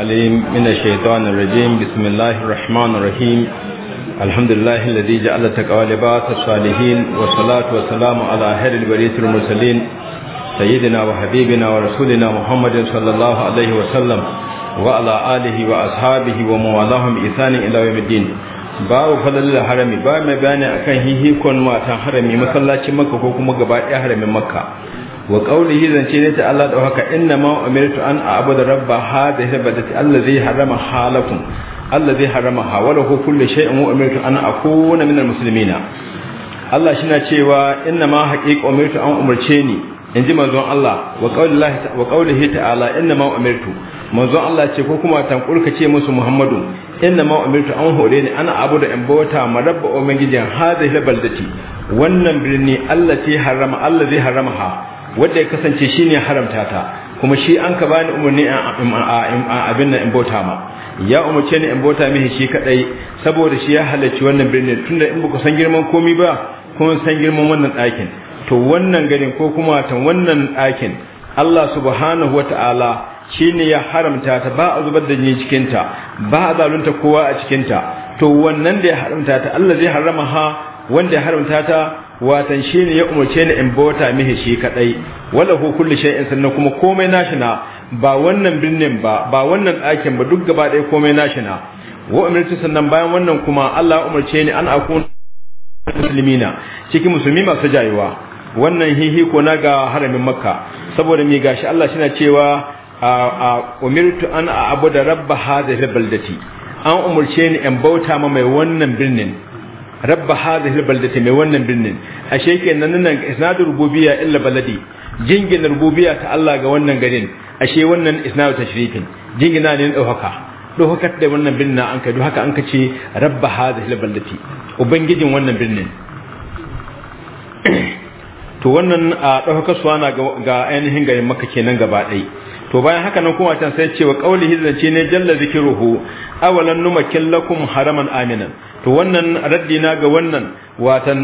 عليم من الشيطان الرجيم بسم الله الرحمن الرحيم الحمد لله الذي جعل تقوى لباس الصالحين والصلاة والسلام على أهل البريث المرسلين سيدنا وحبيبنا ورسولنا محمد صلى الله عليه وسلم وعلى آله وأصحابه وموالاهم إثان إلى يوم الدين babu fadalil harami ba mai bayani akan hihikon watan harami masallacin makka ko kuma gaba ɗaya haramin makka wa qawlihi ce ne ta Allah da haka inna ma umirtu an a'budu rabba hadhihi al allazi harama halakum allazi harama hawalahu kullu shay'in wa umirtu an akuna minal muslimina Allah shi na cewa inna ma haqiqa umirtu an umurce ni in ji manzon Allah wa qaulillahi wa qaulihi ta'ala inna ma umirtu manzon Allah ce ko kuma tankurka ce musu Muhammadu inna ma umirtu an hore ni ana abuda in bota ma rabba hadhihi al wannan birni Allah ce harama Allah zai wanda ya kasance shi ne haramta ta kuma shi an ka bani umarni abin nan in ma ya umarce ni in bota mihi shi kadai saboda shi ya halarci wannan birnin tunda in ba ku san girman komi ba kuma san girman wannan ɗakin to wannan garin ko kuma tan wannan ɗakin Allah subhanahu wata'ala ne ya haramta ta ba a zubar da ni cikinta ta ba a zalunta kowa a cikinta ta to wannan da ya haramta ta Allah zai harama ha wanda ya haramta ta watan shi ne ya umarce ni in bauta mihi shi kadai wala hu kulli shay'in sannan kuma komai nashi na ba wannan birnin ba ba wannan ɗakin ba duk gaba ɗaya komai nashi na wa umirtu sannan bayan wannan kuma Allah ya umarce ni an aku muslimina cikin musulmi masu jayewa wannan hihi ko na ga haramin makka saboda me gashi Allah shi na cewa umirtu an abu da rabba hadhihi baldati an umarce ni in bauta ma mai wannan birnin rabba hadhihi albaldati mai wannan birnin ashe kenan nan isnadu rububiyya illa baladi jingina rububiyya ta Allah ga wannan garin ashe wannan isnadu tashrifin jingina ne dauka daukar da wannan birnin an kai haka an kace rabba hadhihi albaldati ubangijin wannan birnin to wannan a daukar suwana ga ainihin garin makka kenan gaba ɗaya to bayan haka nan kuma can sai cewa qaulihi zance ne jalla zikruhu awalan numakin lakum haraman aminan to wannan raddi na ga wannan watan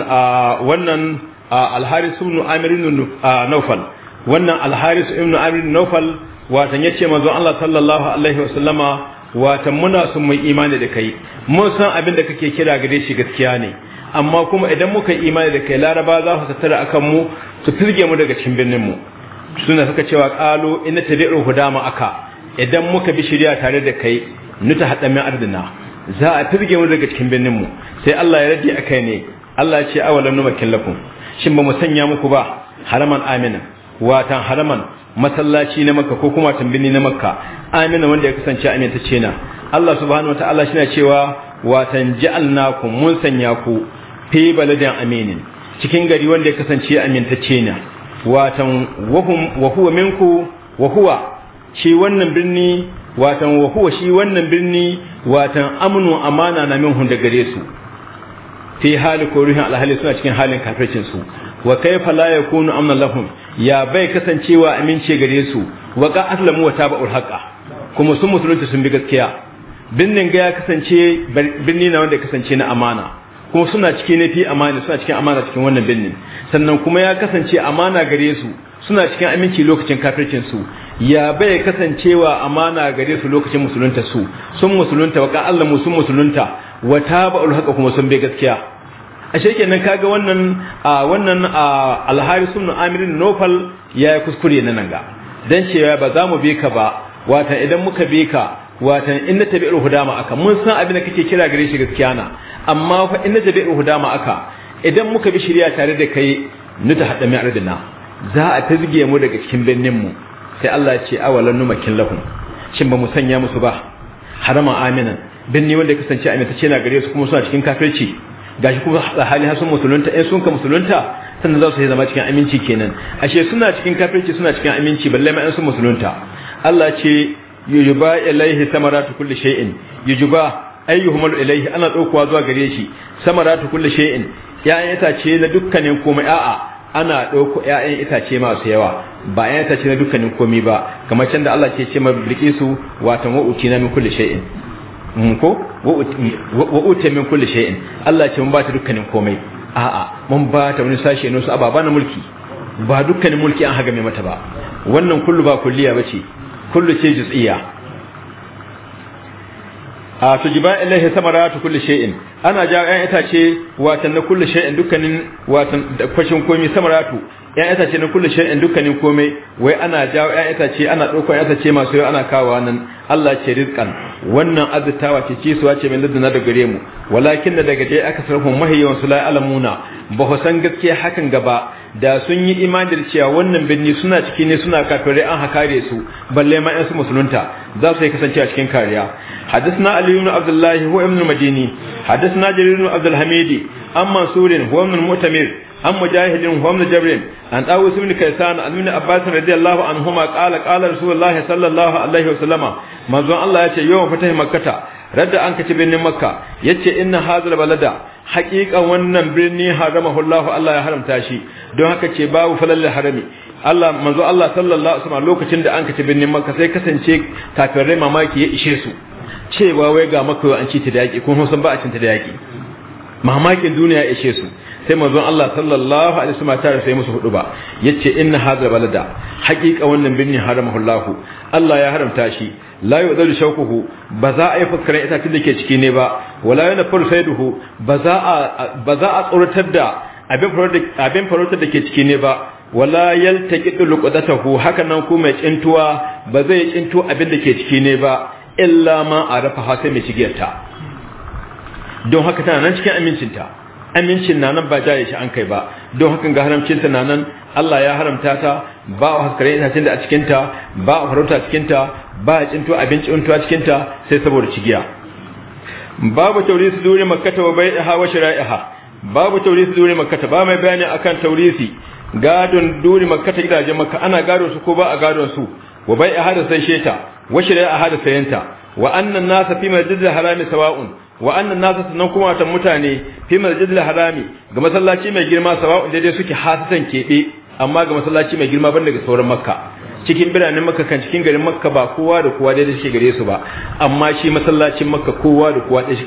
wannan al-haris ibn amir ibn nawfal wannan al-haris ibn amir ibn nawfal watan yace manzo Allah sallallahu alaihi wasallama watan muna sun mai imani da kai mun san abin da kake kira gare shi gaskiya ne amma kuma idan muka imani da kai laraba za su tattara akan mu su firge mu daga cikin birnin mu suna suka cewa kalo inna tabi'u hudama aka idan muka bi shari'a tare da kai nuta hadamin ardina za a firge mu daga cikin birnin mu sai Allah ya radi akai ne Allah ya ce awalan numakin lakum shin ba mu sanya muku ba haraman amina watan haraman masallaci na makka ko kuma tambini na makka amina wanda ya kasance amintacce na Allah subhanahu wataala shi na cewa watan ja'alnakum mun sanya ku fi baladin aminin cikin gari wanda ya kasance amintacce na watan wahum wa minku wa shi wannan birni watan wa shi wannan birni watan amnu amana na min hunda gare su fi hali ko ruhin alhali suna cikin halin kafircin su wa kaifa la yakunu amna lahum ya bai kasancewa amince gare su wa ka aslamu wa tabu haqa kuma sun musulunci sun bi gaskiya binnin ga ya kasance binni na wanda ya kasance na amana Kuma suna cike ne fi amana suna cikin amana cikin wannan binni sannan kuma ya kasance amana gare su suna cikin aminci lokacin kafircin su ya bai kasancewa amana gare su lokacin musulunta su sun musulunta waka Allah mu sun musulunta wa tabaul haqa kuma sun bai gaskiya A ashe kenan kaga wannan wannan alhari ibn amir nofal yi kuskure na nan ga dan cewa ba za mu bi ka ba wata idan muka bi ka watan in na tabi'ul hudama aka mun san abin da kake kira gare shi gaskiya na amma fa in na jabe ruhu dama aka idan muka bi shirya tare da kai nuta hada mai ardina za a tazge mu daga cikin birnin mu sai Allah ya ce awalan numakin lahum shin ba mu sanya musu ba harama aminan binni wanda ya kasance amintacce na gare su kuma suna cikin kafirci gashi kuma hali har sun musulunta in sun ka musulunta sannan za su yi zama cikin aminci kenan ashe suna cikin kafirci suna cikin aminci balle ma in sun musulunta Allah ce yujuba ilaihi samaratu kulli shay'in yujuba ayyuhumul ilayhi ana daukowa zuwa gare shi samaratu kulli shay'in ya'yan itace na dukkanin komai a'a ana dauko ya'yan itace masu yawa ba ya'yan itace na dukkanin komai ba kamar can da Allah ke ce ma bilqisu wa uti na min kulli shay'in mm, ko wa uti min kulli shay'in Allah ce mun ba ta dukkanin komai a'a mun ba ta wani sashe ne su ababa na mulki ba dukkanin mulki an haga mai mata ba wannan kullu ba kulliya bace kullu ce juz'iyya a tujiba ilaihi ta kulli shay'in ana ja ƴan itace watan na kulli shay'in dukkanin watan kwashin komai samaratu ƴan itace na kulli shay'in dukkanin komai wai ana ja ƴan itace ana dauko ƴan itace masu yau ana kawo nan Allah ce rizqan wannan azutawa ce ci suwa ce min ladduna da gare mu walakin da daga dai aka sarfa mahiyawan sulai alamuna ba san gaskiya hakan gaba da sun yi imani da cewa wannan birni suna ciki ne suna kafirai an hakare su balle ma su musulunta za su yi kasance a cikin kariya hadisna ali ibn abdullahi huwa ibn madini hadisna jarir ibn abdul hamidi an mansurin huwa ibn mu'tamir an mujahidin huwa ibn jabrin an dawus ibn kaysan an ibn abbas radiyallahu anhuma qala qala rasulullah sallallahu alaihi wasallama manzon Allah yace yawan fatahi makkata radda an kace birnin makka yace inna hadhal balada haƙiƙan wannan birni haramahu Allah Allah ya haramta shi don haka ce babu falal harami Allah manzo Allah sallallahu alaihi wasallam lokacin da an kace birnin Makka sai kasance rai mamaki ya ishe su cewa wai ga maka an ci ta yaki kun san ba a cin ta da yaki mamakin duniya ya ishe su sai manzo Allah sallallahu alaihi wasallam ta rasa musu hudu ba yace inna hadha balada Haƙiƙa wannan birnin haramahu Allah Allah ya haramta shi la yudalu shaukuhu ba za a yi fuskarin itacin da ke ciki ne ba wala yana farfaiduhu ba za a ba za a tsoratar da abin farautar abin da ke ciki ne ba wala yaltaqitu luqdatahu haka nan kuma mai cintuwa ba zai cinto abin da ke ciki ne ba illa ma arafa ha sai mai shigiyarta don haka tana nan cikin amincinta amincin na nan ba jaye shi an kai ba don haka ga haramcinta na nan Allah ya haramta ta ba a haskare itacin da a cikinta ba a farauta cikinta ba a cinto abin cinto a cikin ta sai saboda cigiya babu taurisi duri makkata wa bai'iha wa shira'iha babu taurisi duri makkata ba mai bayani akan taurisi gadon duri ta gidajen makka ana gado su ko ba a gado su wa bai'iha da sai sheta wa shira'iha da sayanta wa annan nasa fi masjidil harami sawa'un wa annan nasa sannan kuma ta mutane fi masjidil harami ga masallaci mai girma sawa'un daidai suke hasatan kebe amma ga masallaci mai girma ban daga sauran makka cikin biranen makka kan cikin garin makka ba kowa da kowa da shi gare su ba amma shi masallacin makka kowa da kowa da shi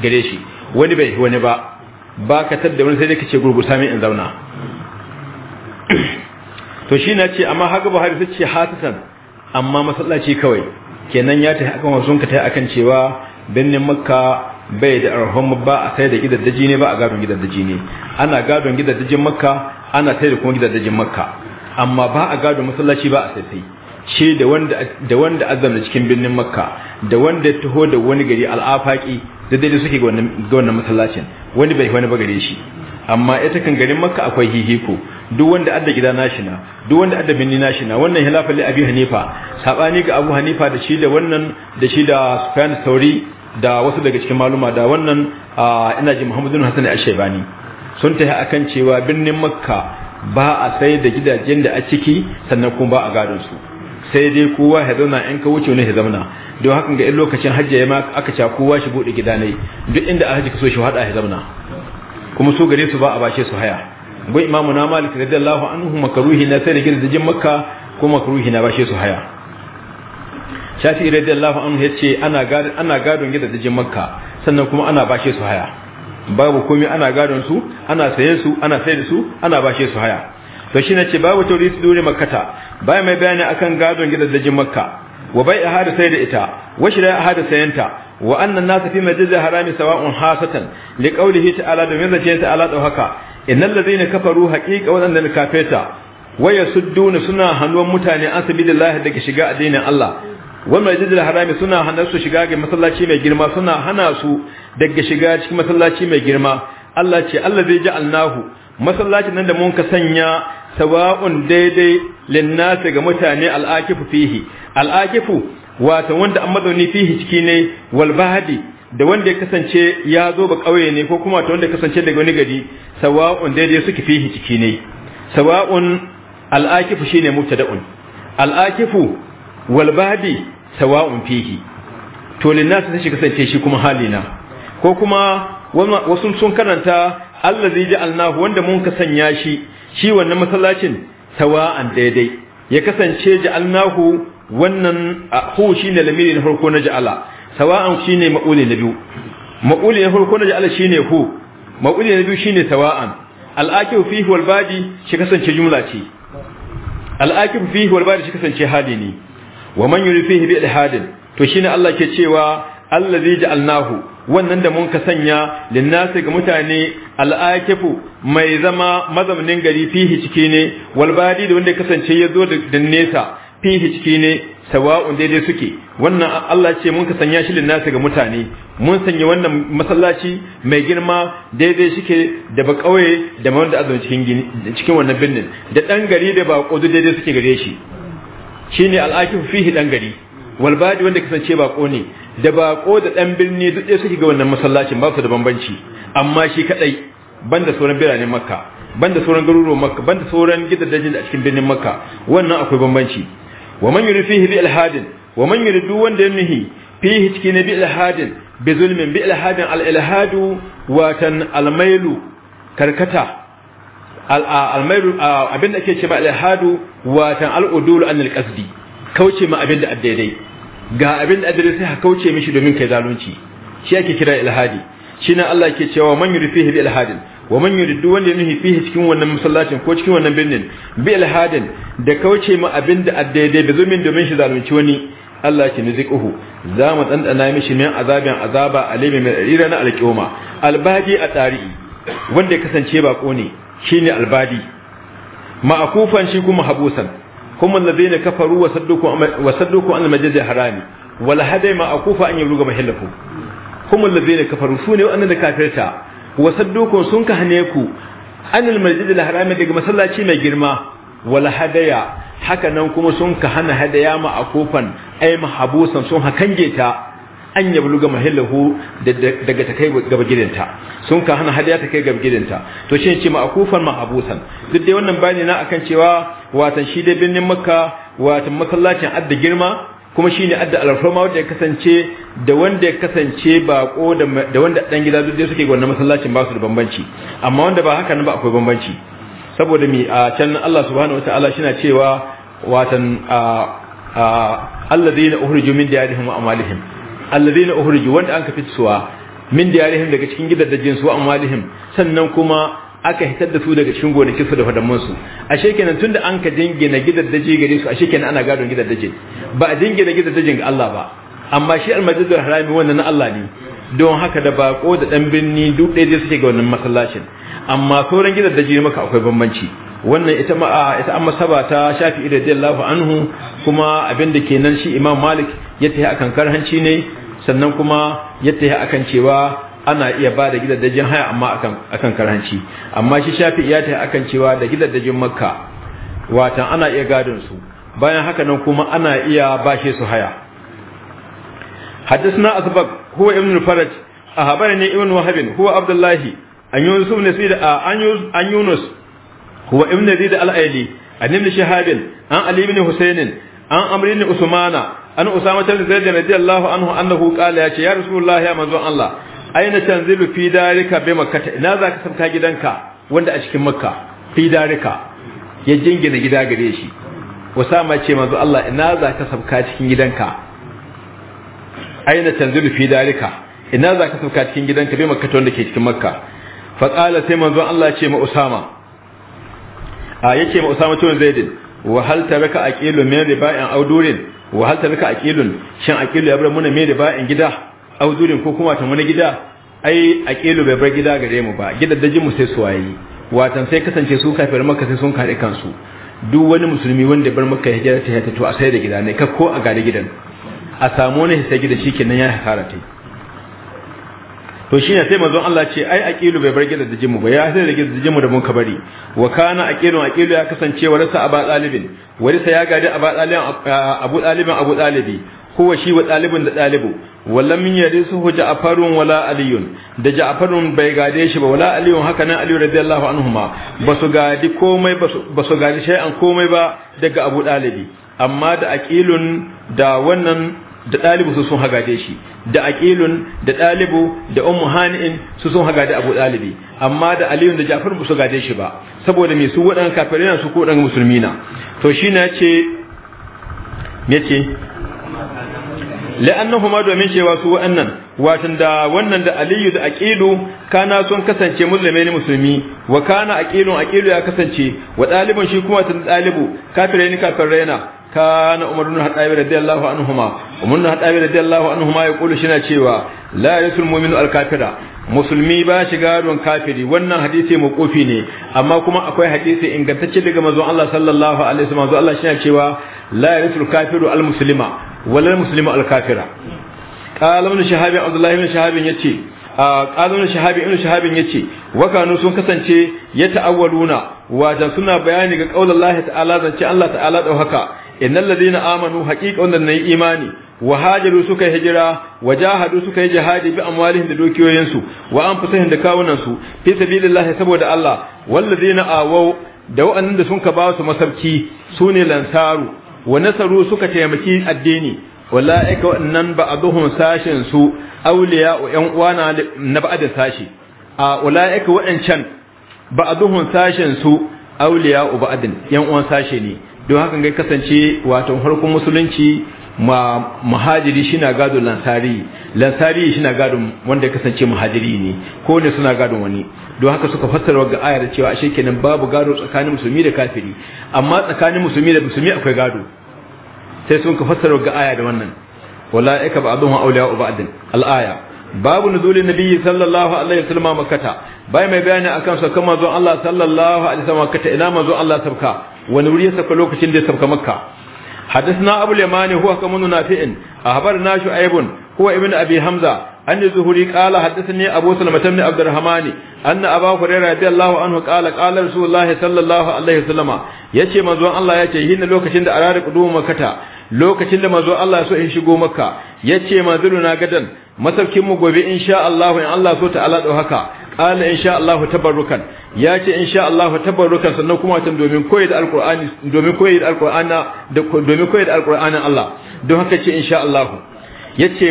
gare shi wani bai wani ba ba ka tadda wani sai da kace gurgusa min in zauna to shi na ce amma haka buhari sai ce hatisan amma masallaci kawai kenan ya tafi akan wasu ka tafi akan cewa birnin makka bai da arhon ba a sai da gidaddaji ne ba a gadon gidaddaji ne ana gadon gidaddajin makka ana sai da kuma gidaddajin makka amma ba a gado masallaci ba a sai ce da wanda da wanda azamna cikin birnin makka da wanda ya taho da wani gari al'afaki da dai suke ga wannan masallacin wani bai wani ba gare shi amma ita kan garin makka akwai hihiko duk wanda adda gida nashi na duk wanda adda binni nashi na wannan hilafa li abi hanifa sabani ga abu hanifa da shi da wannan da shi da sufyan sauri da wasu daga cikin maluma da wannan ah, ina ji muhammadu hasan al-shaybani sun tafi akan cewa birnin makka ba a sai da gidajen da a ciki sannan kuma ba a gadon su sai dai kowa ya zauna in ka wuce ne ya zauna don hakan ga in lokacin hajji ya ma aka ca kowa shi bude gida ne duk inda a hajji ka so shi hada ya zauna kuma su gare su ba a bashe su haya gwai imamu na malik radiyallahu anhu makaruhi na sai da gidajen makka ko makaruhi na bashe su haya shafi radiyallahu anhu yace ana gadon ana gadon gidajen makka sannan kuma ana bashe su haya babu komai ana gadon su ana saye su ana sayar su ana bashe su haya to shine ce babu su dure makkata bai mai bayani akan gadon gidajen makka wa bai ahada sai da ita wa shira ahada sayanta wa anna an-nas fi majlis harami sawa'un hasatan li qawlihi ta'ala min zace ta'ala da haka innal ladina kafaru haqiqa annal kafeta wa yasudduna suna hanuwan mutane an da daga shiga addinin Allah wannan jidil harami suna hanasu shiga ga masallaci mai girma suna hana su daga shiga cikin masallaci mai girma Allah ce Allah zai ji alnahu masallacin nan da mun ka sanya sawa'un daidai linnasi ga mutane al'akifu fihi al'akifu wato wanda an mazauni fihi ciki ne wal bahdi da wanda ya kasance ya zo ba kauye ne ko kuma ta wanda ya kasance daga wani gari sawa'un daidai suke fihi ciki ne sawa'un al'akifu shine mubtada'un al'akifu wal bahdi sawa'un fihi to linnasi sai shi kasance shi kuma halina ko kuma wasu sun karanta Allah zai ji alnahu wanda mun ka sanya shi shi wannan masallacin tawaan daidai ya kasance alnahu wannan hu ne lamiri na farko na ja'ala shi shine ma'uli na biyu ma'uli na farko na ja'ala ne hu ma'uli na biyu shine sawa'an al'akibu fihi wal badi shi kasance jumla ce al'akibu fihi wal badi shi kasance hali ne wa man yuri fihi bi ilhadin to shine Allah ke cewa allazi ja'alnahu wannan da mun ka sanya linnasi ga mutane al'akifu mai zama mazaunin gari fihi ciki ne walbari da wanda kasance ya zo da nesa fihi ciki ne sawa'un daidai suke wannan Allah ce mun ka sanya shi linnasi ga mutane mun sanya wannan masallaci mai girma daidai shike da ba kauye da man da azumi cikin wannan binnin da dan gari da ba kudu daidai suke gare shi shine al'akifu fihi dan gari Walbadi wanda kasance bako ne da bako da dan birni duk sai suke ga wannan masallacin ba su da bambanci amma shi kadai banda sauran biranen makka banda sauran garuruwan makka banda sauran gidajen a cikin birnin makka wannan akwai bambanci wa man yuri fihi bi alhadin wa man yuri du wanda ya nuhi fihi cikin bi alhadin bi zulmin bi alhadin al ilhadu watan mailu karkata al almailu abinda ake cewa alhadu watan al udul an al qasdi kauce ma abin da ga abin da daidai sai ka kauce mishi domin kai zalunci shi ake kira ilhadi shi na Allah ke cewa man yuri fihi bi ilhadin wa man yuri duk wanda yuri fihi cikin wannan masallacin ko cikin wannan birnin bi ilhadin da kauce ma abin da daidai da zumin domin shi zalunci wani Allah ki nuziquhu za mu dandana mishi min azabin azaba alimi mai irin na alƙiyoma albadi a tarihi, wanda ya kasance bako ne shine albadi ma'akufan shi kuma habusan هم الذين كفروا وصدقوا وصدقوا عن المجد الحرام ولا هدي ما أكوف أن يبلغ محله هم الذين كفروا سوني وأن كافرتا وصدقوا سنك هنيكو أن المجد الحرام دي مسلاتي mai girma ما hadaya haka nan kuma sun ka hana hadaya ma akufan ay mahabusan sun hakange an ya buluga mahallahu daga ta kai gaba gidanta sun ka hana hadiya ta kai gaba gidanta to shi ce ma'akufan ma'abusan duk dai wannan bayani na akan cewa watan shi dai birnin makka watan masallacin adda girma kuma shine adda alfarma wanda ya kasance da wanda ya kasance bako da wanda dan gida duk dai suke wannan masallacin ba su da bambanci amma wanda ba haka nan ba akwai bambanci saboda mi a can Allah subhanahu wataala na cewa watan na ukhriju min diyarihim wa amalihim alladhina ukhriju wanda anka fitsuwa min diyarihim daga cikin gidaddajin su amwalihim sannan kuma aka hitar da su daga cikin gonakin su da fadamman su ashe kenan tunda an ka jingina gidaddaje gare su ashe kenan ana gadon gidaddaje ba a jingina gidaddajen ga Allah ba amma shi almajidul harami wannan na Allah ne don haka da bako da dan binni duk ɗaya zai suke ga wannan masallacin amma sauran daji maka akwai bambanci wannan ita ma ita an masaba ta shafi'i Allahu anhu kuma abin da kenan shi imam malik ya tafi akan karhanci ne sannan kuma ya tafi akan cewa ana iya ba da gidajen haya amma akan akan karhanci amma shi shafi ya tafi akan cewa da gidajen makka watan ana iya gadon su bayan haka nan kuma ana iya bashe su haya حدثنا Ibn هو ابن الفرج أخبرني ابن وهب هو عبد الله أن يونس بن سيد أن يونس huwa ibn zaid al-aili an ibn shihab an ali ibn husayn an amr ibn usmana an usama ibn zaid anhu annahu qala ya ce ya rasulullah ya manzon Allah aina tanzilu fi darika bi makkah ina zaka sabka gidanka wanda a cikin makka fi darika ya jingina gida gare shi usama ce manzo Allah ina cikin gidanka aina tanzilu fi darika ina zaka sabka cikin gidanka bi makkah wanda ke cikin makka fa sai manzo Allah ce ma usama a yake ma usama tun zaidin wa hal taraka aqilu min riba'in aw durin wa hal taraka aqilun shin aqilu ya bar muna min riba'in gida aw ko kuma ta wani gida ai aqilu bai bar gida gare mu ba gidaddajin mu sai su waye watan sai kasance su kafir maka sai sun kare kansu duk wani musulmi wanda bar makka hijira ta to a sai da gida ne ka ko a gari gidan a samu wani sai gida kenan ya hasara to shine sai manzon Allah ce ai aqilu bai bar gidan da jimu ba ya sai da gidan jimu da mun ka bari wa kana aqilu aqilu ya kasance warasa aba dalibin warisa ya gadi aba dalibin abu dalibin abu dalibi huwa shi wa dalibin da dalibu wallan min yarisu ja'farun wala aliyun da ja'farun bai gade shi ba wala aliyun haka nan aliyu radiyallahu anhuma basu gadi komai basu gadi shay'an komai ba daga abu dalibi amma da aqilun da wannan da ɗalibu su sun hagade shi da aqilun da ɗalibu da ummu hani'in su sun hagade abu ɗalibi amma da Aliyu da jafar ba su gade shi ba saboda me su waɗannan kafirai su ko waɗannan musulmi na to shi na ce me ce la'annahuma domin cewa su waɗannan watan da wannan da aliyu da aqilu kana sun kasance musulmi ne musulmi wa kana aqilun aqilu ya kasance wa ɗalibun shi kuma tun ɗalibu kafirai ne kafirai na كان عمر بن الخطاب رضي الله عنهما عمر بن الخطاب رضي الله عنهما يقول شنا cewa la yasul mu'minu al kafira musulmi ba shi gadon kafiri wannan hadisi kofi ne amma kuma akwai hadisi ingantacce daga manzon Allah sallallahu alaihi wasallam manzon Allah shina cewa la yasul kafiru al muslima wala muslimu al kafira qala ibn shahab abdullah ibn shahab yace ƙalunan ah, shahabi inu shahabin ya ce wakanu sun kasance ya ta'awwaluna wajen suna bayani ga ƙaunar ta'ala zance Allah ta'ala ɗau haka innal ladina amanu haqiqa wannan ne imani wa hajaru suka hijira wa jahadu suka yi jihadi bi amwalihim da dukiyoyinsu wa anfusihim da kawunansu fi sabilillahi saboda Allah wal ladina awaw da wa'annan da sun ka ba su masabki sune lansaru wa nasaru suka taimaki addini wala'ika wa'annan ba'aduhum sashin su awliya wa yan uwana na ba'da sashi a wala'ika wa'ancan ba'aduhum sashin su awliya wa ba'din yan uwan sashi ne don haka ga kasance wato farkon musulunci ma muhajiri shina gado lansari lansari shina gado wanda ya kasance muhajiri ne ko ne suna gado wani don haka suka fassara ga ayar cewa ashe kenan babu gado tsakanin musulmi da kafiri amma tsakanin musulmi da musulmi akwai gado sai sun ka fassara ga aya da wannan wala ika ba abun auliya uba adin al-aya babu nuzulin nabiyyi sallallahu alaihi wasallam makkata bai mai bayani akan sa kuma manzon Allah sallallahu alaihi wasallam makkata ina manzon Allah sabka wani wuri ya saka lokacin da ya sauka makka hadisna abu limani huwa kamun nafi'in ahbar na aibun huwa ibn abi hamza an zuhuri kala hadathani ne a ibn abd alrahman anna aba hurairah radiyallahu anhu qala qala rasulullahi sallallahu alaihi wasallam yace manzon allah yace hinna lokacin da arar kudum makata?" lokacin da manzon allah so in shigo makka yace manzuluna gadan masaukin mu gobe in allah in allah so ta'ala do haka ala insha Allah tabarukan ya ce insha Allah tabarrukan sannan kuma tan domin koyi da alqur'ani domin koyi da alqur'ana domin koyi da alqur'anin Allah don haka ce insha Allah yace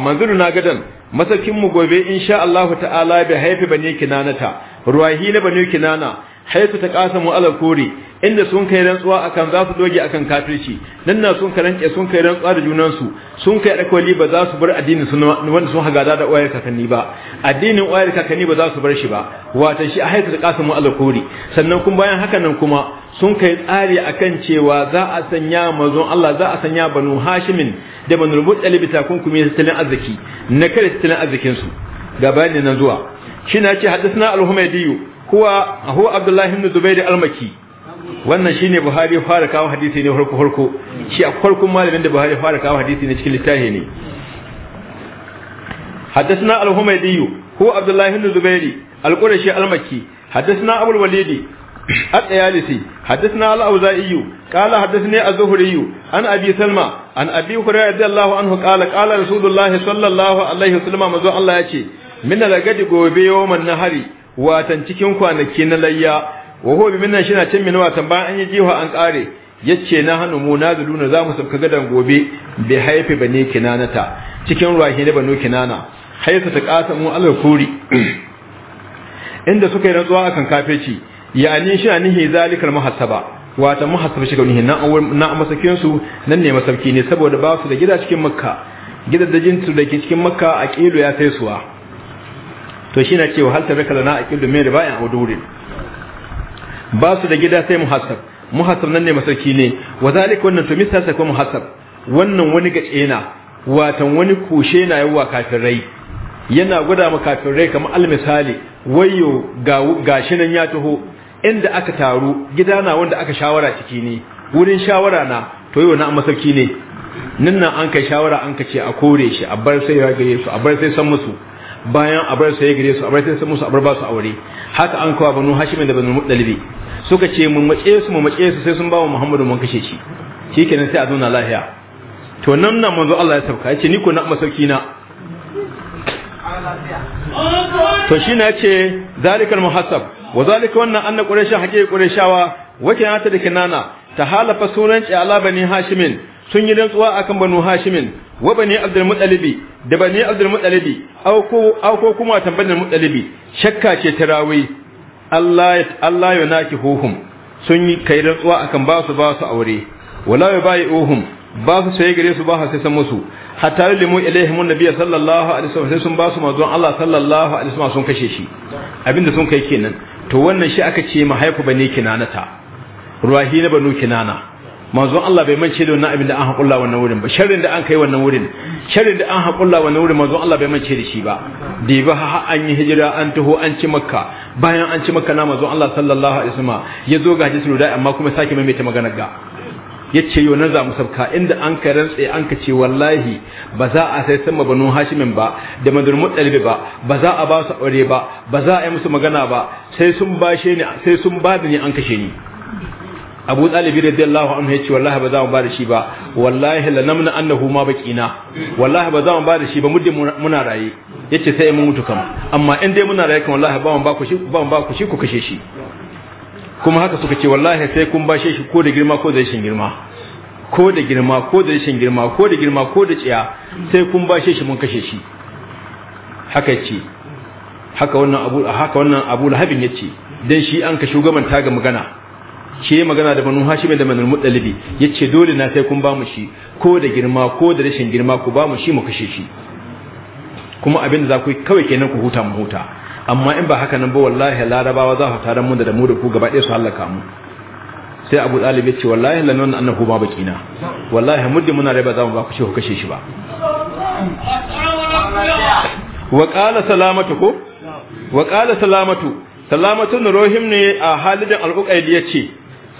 manzuru na gadan masakin mu gobe insha Allah ta'ala bai haifi bane kinanata ruwahi na bane kinana haitu ta mu ala kore inda sun kai rantsuwa akan za su doge akan kafirci nan na sun karance sun kai rantsuwa da junan su sun kai alkawali ba za su bar addini sun wanda sun hagada da wayar kakanni ba addinin wayar kakanni ba za su bar shi ba wato shi a haitu ta mu ala kore sannan kuma bayan haka nan kuma sun kai tsari akan cewa za a sanya mazon Allah za a sanya banu hashimin da banu muttalib takunkumi tattalin arziki na kare tattalin arzikin su ga bayanin nan zuwa shi na ce hadisna al-humaydiyu kuwa a abdullahi ne zubai da almaki wannan shine buhari fara kawo hadisi ne farko-farko shi a farkon malamin da buhari fara kawo hadisi ne cikin littafi ne haddasa al-humai diyu huwa abdullahi al zubai da almaki haddasa na abulwalidi a tsayalisi haddasa na al'auza'iyu kala haddasa ne a zuhuriyu an abi salma an abi hura yadda allahu an hukala kala rasulullahi sallallahu alaihi wasallama mazo allah ya ce min da gadi gobe yawon nahari watan cikin kwanaki na layya wa huwa bi minna shina cin min watan bayan an yi jiwa an kare yace na hanu mu na na zamu sabka gadan gobe bi haifi bane kinanata cikin ruwahi ne banu kinana haifa ta kasa al kuri inda suka yi rantsuwa akan kafeci yani shi anihi zalikal muhasaba wata muhasaba shi ganin na masakin su nan ne masauki ne saboda ba su da gida cikin makka gidajen su da ke cikin makka a kilo ya sai suwa to shi na cewa hal na lana aqilu min riba'in aw durin ba su da gida sai muhassab muhassab nan ne masauki ne wa zalika wannan to mista sai kuma muhassab wannan wani gace na watan wani kushe na yawa rai. yana gwada ma kafin rai kamar almisali wayo shi nan ya taho inda aka taru gida na wanda aka shawara ciki ne wurin shawara na to yau na masauki ne nan nan an kai shawara an kace a kore shi a bar sai ya gare su a bar sai san musu bayan abar sai gare su abar sai musu abar ba su aure haka an kawo banu hashim da banu mudalibi suka ce mun mace su mu mace su sai sun ba mu muhammadu mun kashe shi shikenan sai a zauna lahiya to nan nan manzo Allah ya sauka ya ce ni ko na masauki na to shi na ce zalikal muhassab wa zalika wannan anna quraysha haqiqa qurayshawa wakin ta da kinana ta halafa sunan ci ala bani hashimin sun yi rantsuwa akan banu hashimin wa bani abdul mutalibi da bani abdul mutalibi auko auko kuma tambayar mutalibi shakka ce tarawi Allah ya Allah naki huhum sun yi kai rantsuwa akan ba su ba su aure wala yubaihum ba su sai gare su ba su sai san musu hatta limu mun annabi sallallahu alaihi wasallam sun ba su zuwan Allah sallallahu alaihi wasallam sun kashe shi abinda sun kai kenan to wannan shi aka ce mahaifu bani kinanata ruwahi na banu kinana manzon Allah bai mance da wannan abin da an haƙulla wannan wurin ba sharrin da an kai wannan wurin sharrin da an haƙulla wannan wurin manzon Allah bai mance da shi ba da ba an yi hijira an taho an ci makka bayan an ci makka na manzon Allah sallallahu alaihi wasallam ya zo ga hadisul da amma kuma sake maimaita maganar ga yace yo nan za mu sabka inda an ka rantse an ka ce wallahi ba za a sai sama banu hashimin ba da madur mutalibi ba ba za a ba su aure ba ba za a yi musu magana ba sai sun bashe ni sai sun ba ni an kashe ni abu talibi radiyallahu anhu yace wallahi ba za mu bada shi ba wallahi la namna annahu ma baqina wallahi ba za mu bada shi ba muddin muna raye yace sai mun mutu kam amma in dai muna raye kan wallahi ba mu ba ku shi ba mu ba ku shi ku kashe shi kuma haka suka ce wallahi sai kun bashe shi ko da girma ko da rashin girma ko da girma ko da rashin girma ko da girma ko da tsiya sai kun bashe shi mun kashe shi haka ce haka wannan abu haka wannan abu lahabin yace dan shi an ka shugaban ta ga magana shi ya magana da banu hashim da banu mutalibi yace dole na sai kun ba mu shi ko da girma ko da rashin girma ku ba mu shi mu kashe shi kuma abin da za ku kawai kenan ku huta mu huta amma in ba haka nan ba wallahi larabawa za su tare mun da mu da ku gaba ɗaya su halaka mu sai abu dalibi ya ce wallahi lanon annahu ba bakina wallahi muddin muna rai ba za mu ba ku shi ku kashe shi ba wa qala salamatu ko wa qala salamatu salamatun rohim ne a halidin al ya yace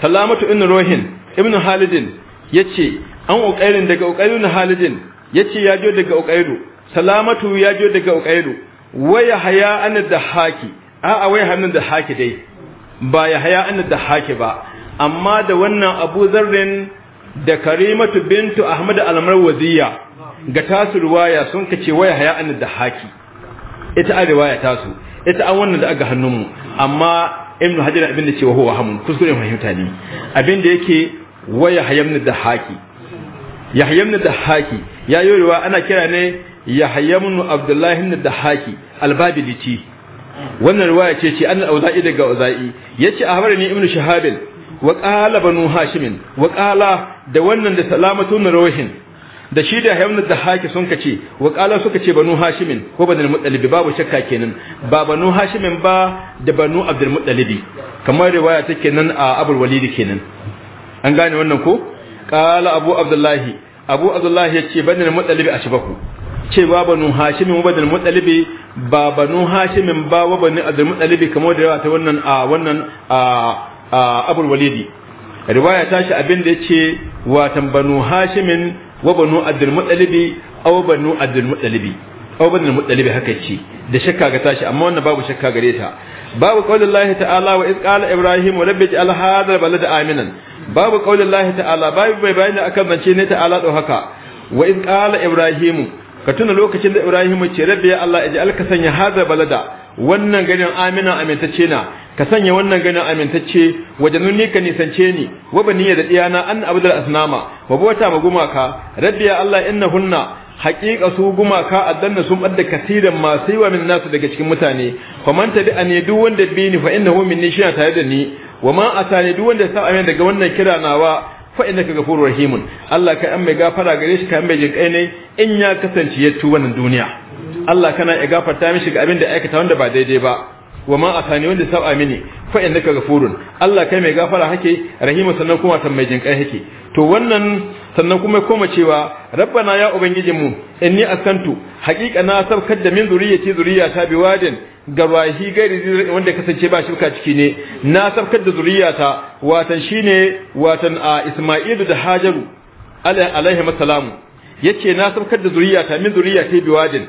salamatu ibn rohin ibn halidin ce an uqairin daga uqairin halidin ce ya jo daga Ukairu. salamatu ya jo daga Ukairu. waya haya an da haki a a waya hannun da haki dai ba ya haya an da haki ba amma da wannan abu zarrin da karimatu bintu ahmad al-marwaziya ga tasu riwaya sun kace waya haya an da haki ita a riwaya tasu ita an wannan da aga hannunmu amma ibnu hajar abin da cewa huwa hamun kuskure fahimta ne abin da yake wa yahya da dahaki yahya da haki ya yi ruwa ana kira ne yahya ibn abdullahi ibn albabili albabiliti wannan riwaya ce ce an auza'i daga auza'i yace ni ibnu shahabil wa qala banu hashim wa qala da wannan da salamatu na rohin. da shi da hayyun da haki sun kace wa qala suka ce banu hashimin ko banu muɗalibi babu shakka kenan ba banu hashimin ba da banu abdul muɗalibi kamar riwaya take nan a abul walid kenan an gane wannan ko ƙala abu abdullahi abu abdullahi ce banu a ashbaku cewa banu hashimin wa banu muɗalibi, ba banu hashimin ba wa banu abdul muɗalibi kamar da riwaya ta wannan a wannan a abul walidi riwaya ta shi abin da yace wa tambanu hashimin wa banu abdul muttalibi aw banu abdul muttalibi aw banu haka ce da shakka ga tashi amma wannan babu shakka gare ta babu qaulillahi ta'ala wa iz qala ibrahim rabbi ij'al hadha balad aminan babu qaulillahi ta'ala babu bai bayani akan zance ne ta'ala do haka wa iz qala ibrahim ka tuna lokacin da ibrahim ce rabbi ya allah ij'al ka sanya hadha balada wannan garin amina amintacce na ka sanya wannan ganin amintacce wajen nuni ka nisance ni wa baniya da diyana an abdul asnama wa bota ma gumaka rabbiya allah hunna haqiqa su gumaka addanna sun badda kasiran masu yiwa min nasu daga cikin mutane fa man tabi an yadu wanda bi ni fa innahu min shi tare da ni wa ma atani duk wanda sa amin daga wannan kira nawa fa innaka ghafurur rahimun allah ka an mai gafara gare shi ka mai jinkai ne in ya kasance ya tu wannan duniya Allah kana ya gafarta mishi ga abin da aikata wanda ba daidai ba wa ma asani wanda saba mini fa innaka ghafurun Allah kai mai gafara hake rahima sannan kuma tan mai jinkai hake to wannan sannan kuma koma cewa rabbana ya ubangijinmu inni asantu haqiqa na sabkar da min zuriyati zuriyata biwadin garwahi gairi wanda kasance ba shirka ciki ne na sabkar da zuriyata watan shine watan a Isma'ilu da Hajaru alaihi masalamu yace na sabkar da zuriyata min zuriyati wadin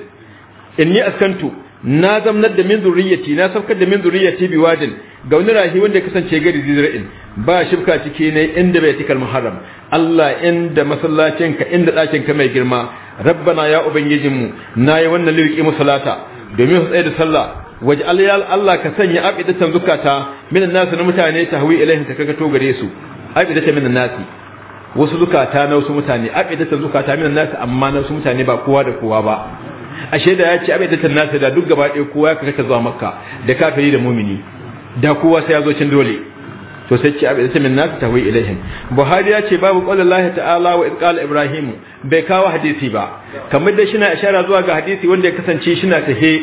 inni askantu na zamnar da min zuriyati na safkar da min zuriyati bi wadin ga wani rahi wanda ya kasance gari zira'in ba shibka ciki ne inda bai tikal muharram Allah inda masallacin ka inda ɗakin ka mai girma rabbana ya ubangijin mu nayi wannan liqi musallata domin su tsaye da sallah waje Allah ka sanya abidatan zukata minan nasu na mutane tahwi ilaihim ta kaga to gare su abidatan minan nasi wasu zukata na wasu mutane abidatan zukata minan nasu amma na wasu mutane ba kowa da kowa ba ashe da ya ce abin da nasa da duk gaba ɗaya kowa ka kaka zuwa makka da kafiri da mumini da kowa sai ya zo cin dole to sai ce abin da ta nasa ta wai ilaihim buhari ya ce babu lahi ta'ala wa idqal ibrahim bai kawo hadisi ba kamar da shina ishara zuwa ga hadisi wanda ya kasance shina tahe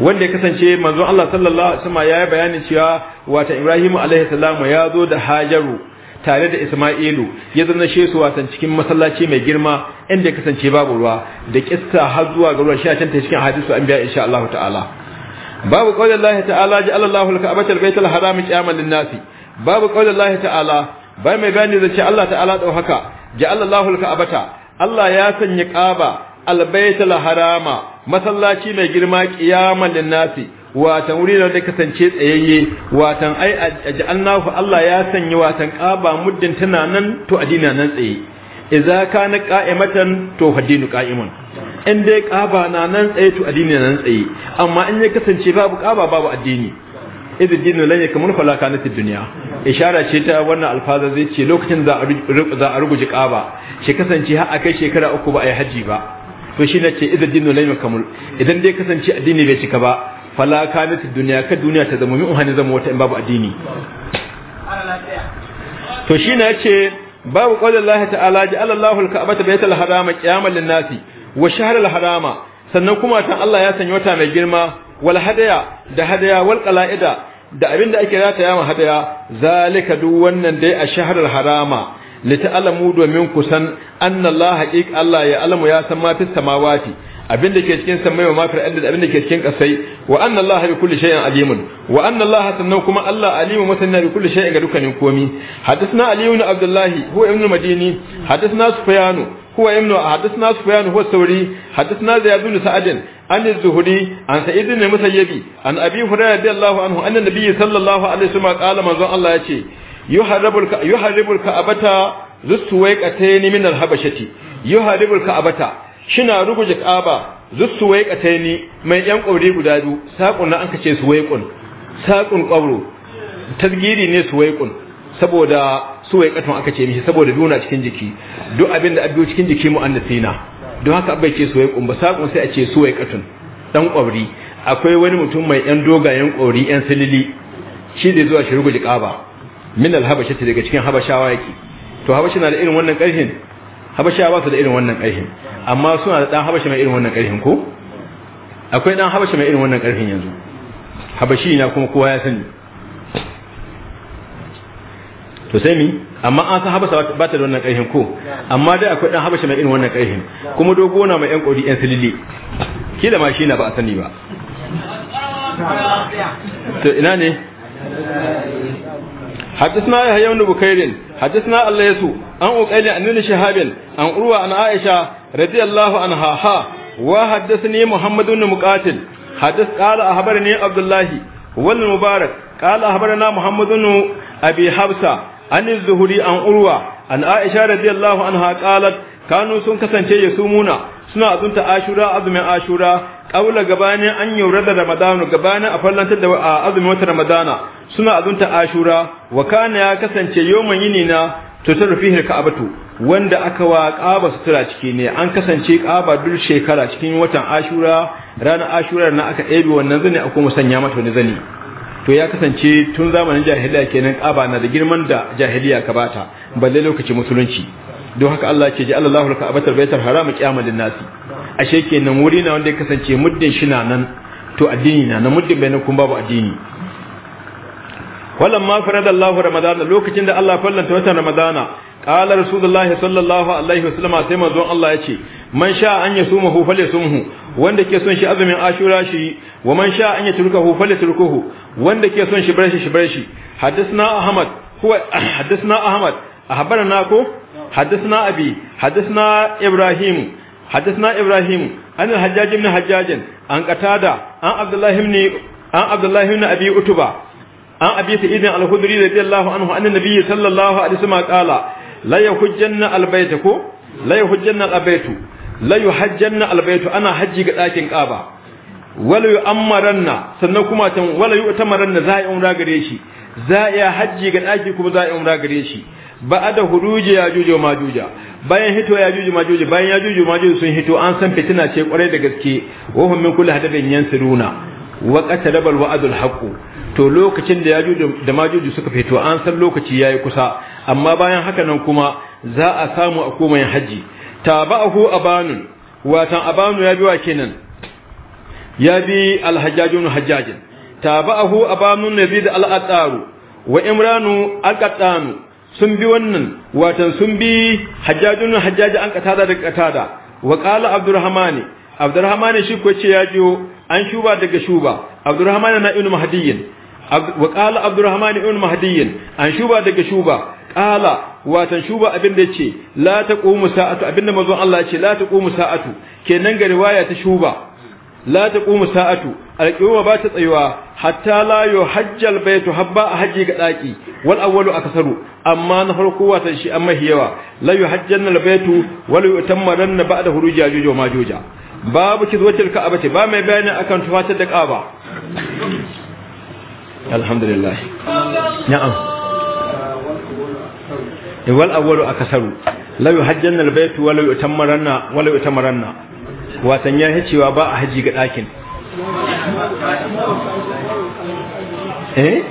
wanda ya kasance manzon Allah sallallahu alaihi wasallam ya yi bayanin cewa wata Ibrahim alaihi salam ya zo da Hajaru tare da Isma'ilu ya zama shi su wasan cikin masallaci mai girma inda ya kasance babu ruwa da kissa har zuwa ga ruwan sha ta cikin hadisu an biya insha Allah ta'ala babu qaulin Allah ta'ala ja'ala Allahu al-ka'bata al-baytal haram qiyaman lin babu qaulin Allah ta'ala bai mai bani zace Allah ta'ala dau haka ja'ala Allahu al-ka'bata Allah ya sanya kaba al-baytal harama masallaci mai girma qiyaman linnasi. watan wuri da kasance tsayayye watan ai aj'alnahu Allah ya sanya watan qaba muddin tana nan to adina nan tsaye idza kana qa'imatan to hadinu qa'imun in dai qaba na nan tsaye to adina nan tsaye amma in ya kasance babu qaba babu addini idan dinu lan yakamun fala kanat dunya ishara ce ta wannan alfaza zai ce lokacin za a za a ruguje qaba shi kasance har akai shekara uku ba a yi haji ba to shi ne ce idan dinu lan yakamul idan dai kasance addini bai cika ba fala kanat duniya ka duniya ta zama min hani zama wata in babu addini to shine yace babu Allah ta'ala ji Allahu al-ka'bata baytal harama qiyamal lin-nasi wa shahral harama sannan kuma tan Allah ya sanya wata mai girma wal hadaya da hadaya wal qala'ida da abinda ake rata yawa hadaya zalika duk wannan dai a shahral harama lita'lamu domin kusan anna Allah Allah ya alamu ya san ma fis samawati abin da ke cikin samai wa mafi da abin da ke cikin kasai wa anna Allah bi kulli shay'in alimun wa anna Allah sannan kuma Allah alimu masanna bi kulli shay'in ga dukkanin komi hadisna Ali ibn Abdullah huwa ibn Madini hadisna Sufyan huwa ibn hadisna Sufyan huwa Sauri hadisna Zayd ibn Sa'd an az-Zuhri an Sa'id ibn Musayyibi an Abi Hurairah radiyallahu anhu anna Nabiyyi sallallahu alaihi wasallam qala manzon Allah yace yuharribul yuharribul abata zusuwaiqatayn min al-habashati yuharribul abata shina ruguje kaba zussu ni mai yan kauri guda biyu sakun na anka ce su waiqun sakun qawru tasgiri ne su waiqun saboda su aka ce mishi saboda duna cikin jiki duk abinda addu cikin jiki mu annasina don haka abai ce su ba sakun sai a ce su dan kauri akwai wani mutum mai yan dogayen kauri yan silili shi da zuwa shi ruguje kaba min alhabashi daga cikin habashawa yake to habashi na da irin wannan karhin habasha ba su da irin wannan ƙarfin amma suna da ɗan habasha mai irin wannan ƙarfin ko akwai ɗan habasha mai irin wannan ƙarfin yanzu habashi na kuma kowa ya sani to sai mi amma an san habasa ba ta da wannan ƙarfin ko amma dai akwai ɗan habasha mai irin wannan ƙarfin kuma dogo na mai ƴan ƙori ƴan silili ki ma shi na ba a sani ba to ina ne حدثنا يحيى بن بكير حدثنا الليث عن أقيل عن ابن شهاب عن أروى عن عائشة رضي الله عنها ها وحدثني محمد بن مقاتل حدث قال أخبرني عبد الله والمبارك قال أخبرنا محمد بن أبي حبسة عن الزهري عن أروى عن عائشة رضي الله عنها قالت kanu sun kasance sumuna suna azunta ashura azumin ashura kaula gabanin an yaura da ramadanu gabanin a fallantar da azumin wata ramadana suna azunta ashura wa kana ya kasance yawman yini na tutar fihi ka'abatu wanda aka wa ƙaba sutura ciki ne an kasance ƙaba duk shekara cikin watan ashura ranar ashura na aka ɗebe wannan zane a kuma sanya mata wani zane to ya kasance tun zamanin jahiliya kenan ƙaba na da girman da jahiliya ka bata balle lokacin musulunci don haka Allah ce ji Allahu laka abatar baitar harama qiyamal nasi ashe kenan wuri na wanda ya kasance muddin shi na nan to addini na na muddin bai kun babu addini wallan ma farada Allahu ramadana lokacin da Allah fallanta watan ramadana qala rasulullahi sallallahu alaihi wasallam sai manzon Allah ya ce. man sha an hu yasumahu sumhu. wanda ke son shi azumin ashura shi wa man sha an hu yatrukahu falyatrukuhu wanda ke son shi bar shi shi bar shi hadisna ahmad huwa hadisna ahmad ahbarana ko حدثنا أبي حدثنا إبراهيم حدثنا إبراهيم عن الحجاج بن حجاج عن قتادة عن عبد الله بن عن عبد الله بن أبي أتبة عن أبي سعيد الخدري رضي الله عنه أن النبي صلى الله عليه وسلم قال لا يحجن البيت لا يحجن البيت لا يحجن البيت أنا حجي قداكن كعبة ولا يؤمرن سنكما ولا يؤتمرن tan عمره غريشي tamaranna حجي a yi umra عمره غريشي ba'ada huruji yajuj ma majuj bayan hito ya ma majuj bayan ya ma majuj sun hito an san fitina ce kwarai da gaske wa min kulli hadabin yansiruna wa qatalabal wa'dul haqq to lokacin da ya juju da majuj suka fito an san lokaci yayi kusa amma bayan haka nan kuma za a samu a koma yin haji tabahu abanun watan abanu ya biwa kenan ya bi alhajjajun hajjajin tabahu abanun yazid al-attaru wa imranu al-qattanu sun bi wannan watan sun bi hajjajun hajjaji an katada da katada wa qala abdurrahmani abdurrahmani shi ko ce ya jiyo an shuba daga shuba abdurrahmani na ibnu mahdiyin wa qala abdurrahmani ibnu mahdiyin an shuba daga shuba qala watan shuba abin da yace la taqumu sa'atu abinda manzon Allah yace la taqumu sa'atu kenan ga riwaya ta shuba la ta taqumu sa'atu alqiyama ba ta tsayuwa hatta la yuhajjal baytu habba a haji ga ɗaki, wal awwalu kasaru. amma na farko wata shi an amma hiyawa la yuhajjanna al baytu wal yutammaranna da huruji ajuja wa majuja babu kizwatil ka abace, ba mai bayani akan tufatar da ka'aba alhamdulillah na'am wal awwalu aksaru la yuhajjanna al baytu wal yutammaranna wal yutammaranna watan ya cewa ba a haji ga ɗakin eh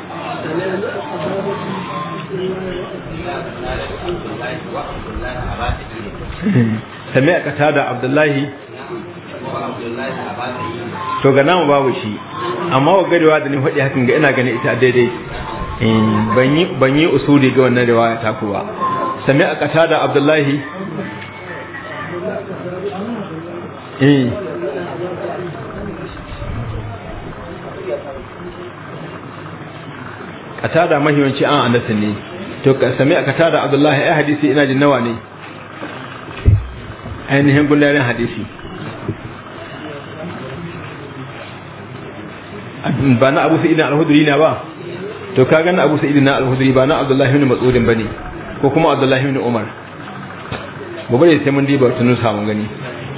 sami a kata da abdullahi to ga namu babu shi amma wa garewa da ni faɗi hakan ga ina gani ita daidai eh, ban yi usuri ga wannan riwaya ta ku ba sami a kata da abdullahi eh katada mahimmanci an anas ne to ka sami katada abdullahi ai hadisi ina jin nawa ne ainihin gullarin hadisi ba na abu sa'idin al huduri na ba to ka gani abu sa'idin al huduri ba na abdullahi ibn ba bane ko kuma abdullahi ibn umar gobe sai mun diba tunun samun gani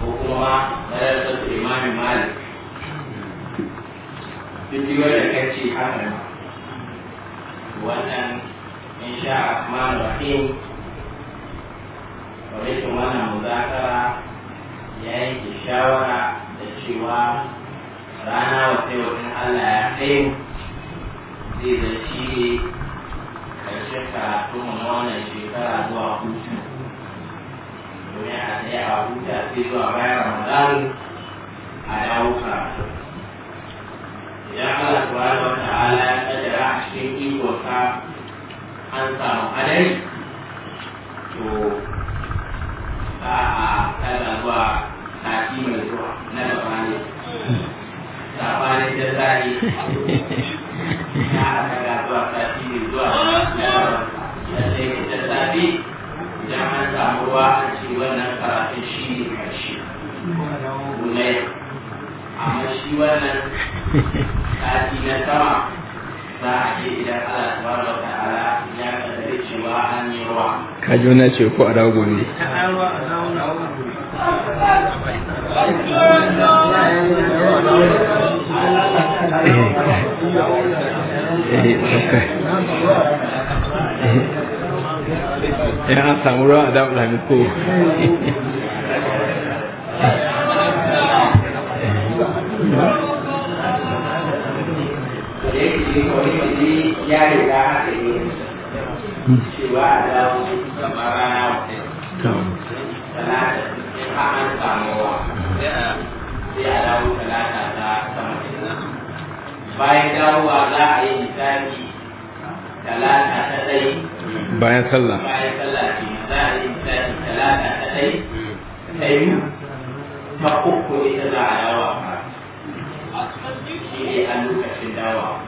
ko kuma madarajar da imamin malik duk ka ce haka ne wannan insha Rahman Rahim muzakara ya yanke shawara da cewa rana wata wajen Allah ya kai zai da shi karshen karatu wannan shekara zuwa hutu domin a tsaye a huta sai zuwa bayan ramadan a dawo karatu idan Allah subhanahu wa ta'ala ya kaddara a cikin ikonsa an samu adai to za a kada zuwa sati mai zuwa na gaba da a sati na sama Allah ta'ala ya cewa an ko ya samu ruwa a da ya riga haka yi cewa a dawo sama rana wata talata ta an samuwa sai a dawo talata ta sama bayan dawowa za a yi misali talata ta ɗai bayan sallah bayan sallah ce za a yi misali talata ta ɗai ta yi ta ne ita za a dawo a shi ne a lokacin dawowa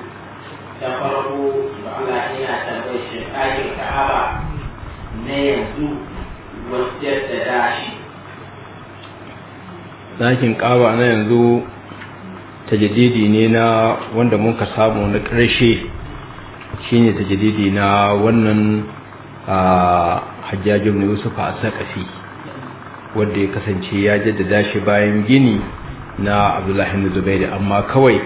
ta farko da Allah yana tambayar shi ɗakin Ka'aba na yanzu wajen da dashi Zakin kaba na yanzu tajadidi ne na wanda muka samu na ƙarshe shine tajadidi na wannan hajjajin yusuf a sakafi wanda ya kasance ya jaddada shi bayan gini na abdullahi zubairu amma kawai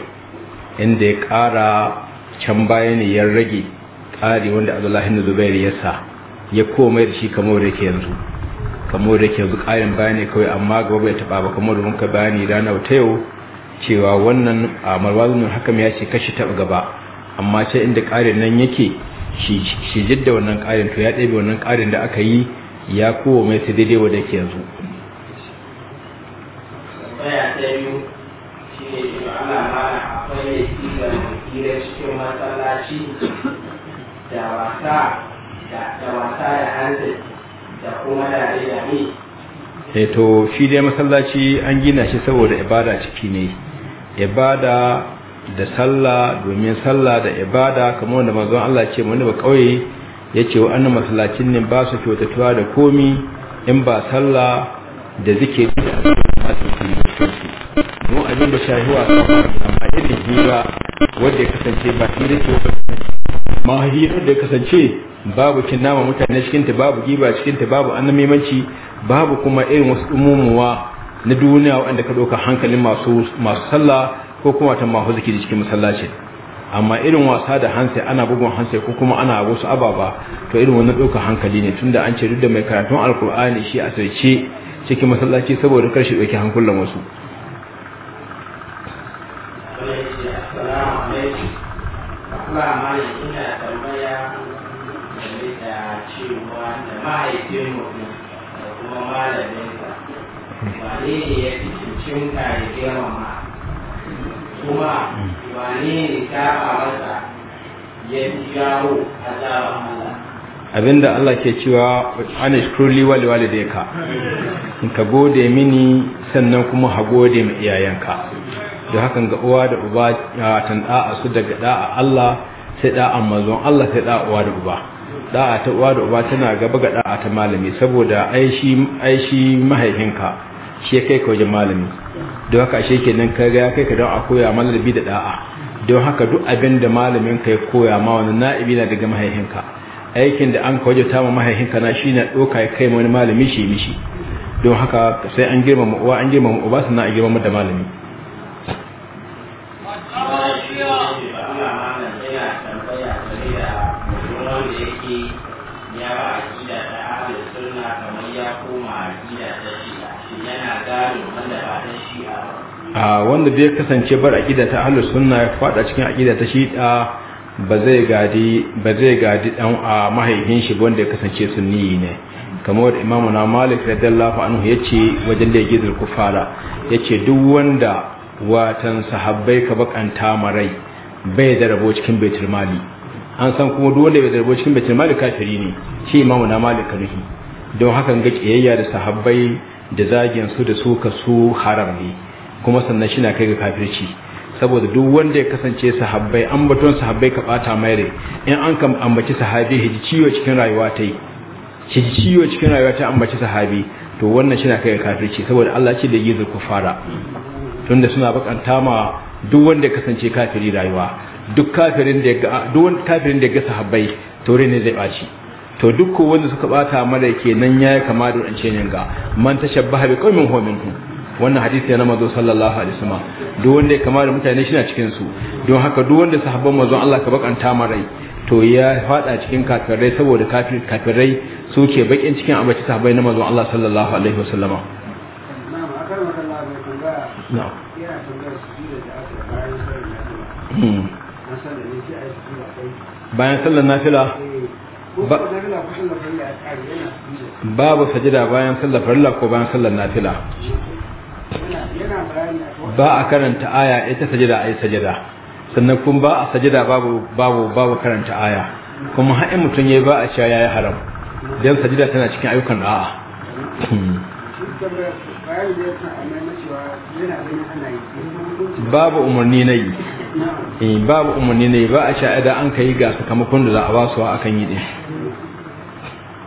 inda ya ƙara can baya ne ya rage ƙari wanda abdullahi na zubairu ya sa ya komai da shi kamar da ke yanzu kamar da ke yanzu ƙarin baya ne kawai amma gaba bai taɓa ba kamar da muka bayani rana ta yau cewa wannan a marwazunan hakan ya ce kashi taɓa gaba amma ce inda ƙarin nan yake shi jidda wannan ƙarin to ya ɗebe wannan ƙarin da aka yi ya kowa mai sai daidai wa da ke yanzu shi to shi dai masallaci an gina shi saboda ibada ciki ne ibada da sallah domin sallah da ibada kamar wanda manzon Allah ce mun ba kauye yace wa annan masallacin ne ba su kyautatuwa da komi in ba sallah da zikiri da mu abin da shahiwa amma irin hira wanda ya kasance ba hira ce ma hira da ya kasance babu cin nama mutane cikin ta babu giba cikin ta babu annamimanci babu kuma irin wasu umumuwa na duniya wanda ka ɗauka hankalin masu masu sallah ko kuma ta zaki da cikin masallaci amma irin wasa da hansai ana bugun hansai ko kuma ana wasu ababa to irin wannan ɗauka hankali ne tunda an ce duk da mai karatun alkur'ani shi a sarce cikin masallaci saboda kar shi ɗauki hankulan wasu ina tambaya da cewa da da kuma ya fi girmama kuma abinda Allah ke cewa ana shkruli wali wali da ka ka gode mini sannan kuma ha gode ma iyayenka da hakan ga uwa da uba tan da'a su daga da'a Allah sai da'a manzon Allah sai da'a uwa da uba da'a ta uwa da uba tana gaba ga da'a ta malami saboda aishi aishi mahaifinka shi kai ko ji malami don haka shi kenan ka ga kai ka don a koya malami da da'a don haka duk abin da malamin ka ya koya ma wani na'ibi na daga mahaifinka aikin da an kawo ta ma mahaifinka na shi na ɗauka kai wani malami shi mishi don haka sai an girmama uwa an girmama uba sannan a girmama da malami wanda da ya kasance bar gida ta ahlu sunna ya fada cikin akida ta shi'a ba zai gadi ba zai gadi dan a mahaifin shi wanda ya kasance sunni ne kamar da imamu na malik radiyallahu anhu yace wajen da yake zulkufala yace duk wanda watan sahabbai ka bakanta marai bai da rabo cikin baitul mali an san kuma duk wanda bai da rabo cikin baitul mali kafiri ne shi imamu na malik ruhi don hakan ga kiyayya da sahabbai da zagin su da suka su haram ne kuma sannan shi na kai ga kafirci saboda duk wanda ya kasance sahabbai ambaton sahabbai ka bata mai rai in an kam ambaci sahabi hiji ciwo cikin rayuwa ta yi shi ciwo cikin rayuwa ta ambaci sahabi to wannan shi na kai ga kafirci saboda Allah ce da yizul kufara tunda suna bakanta ma duk wanda ya kasance kafiri rayuwa duk kafirin da ya ga duk wanda kafirin da ya ga sahabbai to rai ne zai baci to duk wanda suka bata mara kenan ya kama da ce ne ga man tashabbaha bi qaumin hu minhum wannan hadisi yana mazo sallallahu alaihi wasallam duk wanda ya kamar da mutane shi na cikin su don haka duk wanda sahabban manzon Allah ka ta marai to ya fada cikin kafirai saboda kafirai suke bakin cikin abaci sahabbai na manzon Allah sallallahu alaihi wasallam hmm. bayan sallar nafila babu sajida bayan sallar farilla ko bayan sallar nafila ba a karanta aya ita sajada ai sajada sannan kuma ba a sajada babu babu babu karanta aya kuma har mutum yayi ba a sha yayi haram dan sajada tana cikin ayyukan da'a hmm. babu umarni nayi yi eh, babu umarni nayi ba a sha idan an kai ga sakamakon da za a ba su akan yi din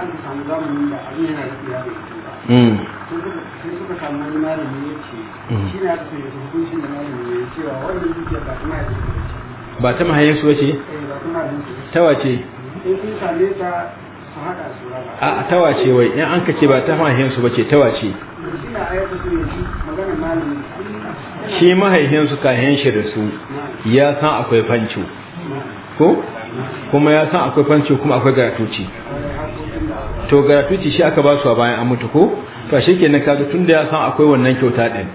da ba ta mahaifin ba su wace eh, ta wace ta a ta wace wai in an ka ce ba ta mahaifin su bace ta wace shi mahaifin su kayan shi da su ya san akwai fanco ko kuma ya san akwai fanco kuma akwai garatuci to gratuity shi aka ba su a bayan an mutu ko to shi kenan kaga da ya san akwai wannan kyauta din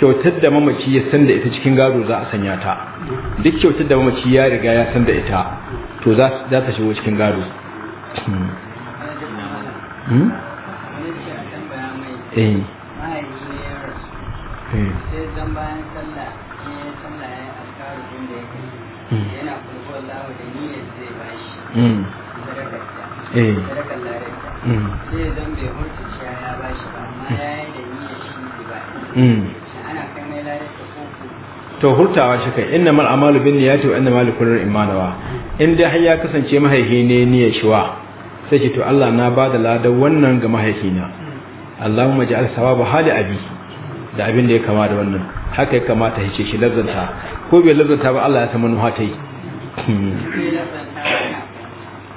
kyautar da mamaci ya san da ita cikin gado za a sanya ta duk kyautar da mamaci ya riga ya san da ita to za ta shigo cikin gado hmm? Hmm? eh sai bayan sallah yana da niyyar zai bashi sai mm. zan bai ya ba amma da shi ba mm. to hurtawa shi kai inna mal amalu bin niyati wa inna mal kullu imanawa in dai har ya kasance mahaihi ne niyyar shiwa sai ki to Allah na bada ladan wannan ga na. Allahumma ja'al sawaba hali abi da abin da ya kama da wannan haka ya kamata ya ce shi lazzanta ko bai lazzanta ba Allah ya san manufa ta yi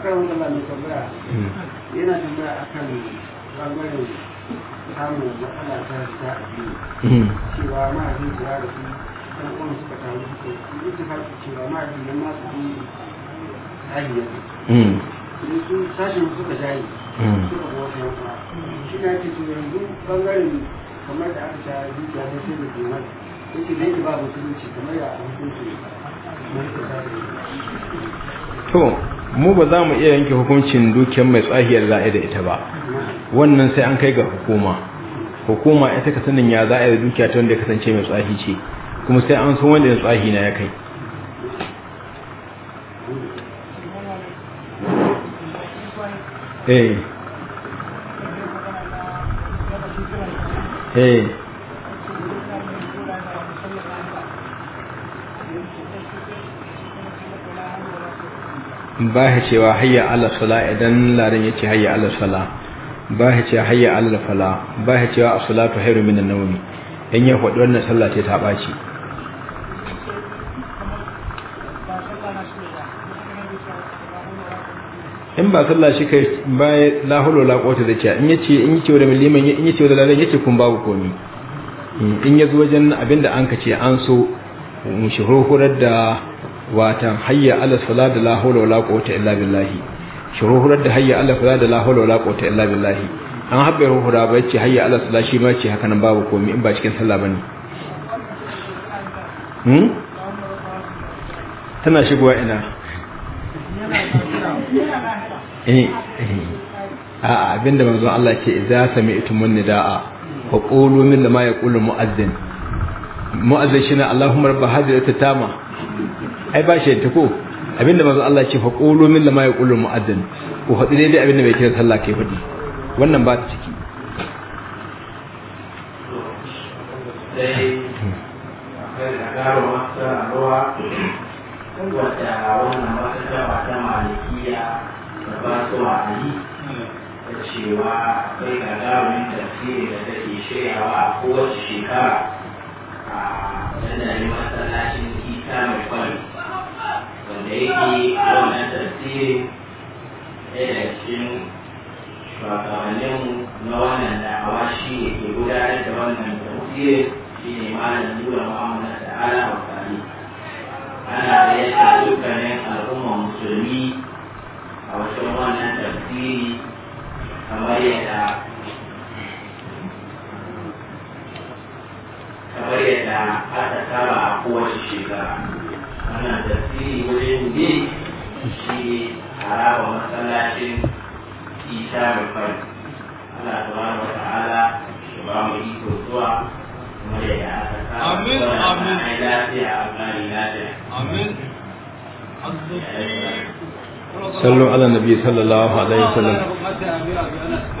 akan wanda ba mai tambaya hmm. yana tambaya akan ɓangaren samun matsala ta ta addini hmm. cewa ma'ajin da su ɗan ƙwano suka taru suka yi ta cewa nan masu yi hmm. su sashen suka suka wata shi na ce su yanzu ɓangaren kamar da aka sai da yake da yake ba musulunci kamar hukunci to mu ba za mu iya yanke hukuncin dukiyar mai tsahiyar za'a da ita ba wannan sai an kai ga hukuma hukuma ita ka sanin ya za'a da dukiya ta wanda ya kasance mai tsahi ce kuma sai an san wanda ya tsahi na ya kai Hey. Eh. Eh. Hey. ba ya cewa hayya ala sala idan ladan yace hayya ala sala ba ya cewa hayya ala fala ba ya cewa as-salatu khairu minan nawmi in ya faɗi wannan sallah ce ta baci in ba sallah shi kai baya lahulo la qota da cewa in yace in yace da liman in yace da ladan yace kun babu komi in zo wajen abinda an kace an so mu shuhurar da watan hayya ala salat la hawla wala quwwata illa billahi shuruhurar da hayya ala salat la hawla wala quwwata illa billahi an habbe ruhura ba yace hayya ala salat shi ma ce haka nan babu komai in ba cikin sallah bane hmm tana shigowa ina eh, eh. a abinda manzo Allah ce idza min nidaa fa qulu min ma yaqulu mu'adhdhin mu'adhdhin shine Allahumma rabb hadhihi at-tama ai ba shi ta ko abinda manzo Allah ce fa qulu min lama yaqulu mu'adhdhin ko dai dai abinda mai kira sallah kai faɗi wannan ba ta ciki cewa akwai gagarumin tafsiri da take shiryawa a kowace shekara a dandalin masallacin samun kwan wanda yake wannan tafsirin ɗaya daga cikin shugabanninmu na wannan da'awa shi ne ke gudanar da wannan tafsirin shi ne malam nura da ala wakali ana da yadda dukkanin al'ummar musulmi a wajen wannan tafsiri kamar yadda kamar yadda aka saba a kowace shekara wannan tafsiri wajen ne shi haraba masallacin isa da fari Allah wa ta'ala shi ba mu iko zuwa kamar yadda aka amin amin lafiya a lafiya amin صلوا على النبي صلى الله عليه وسلم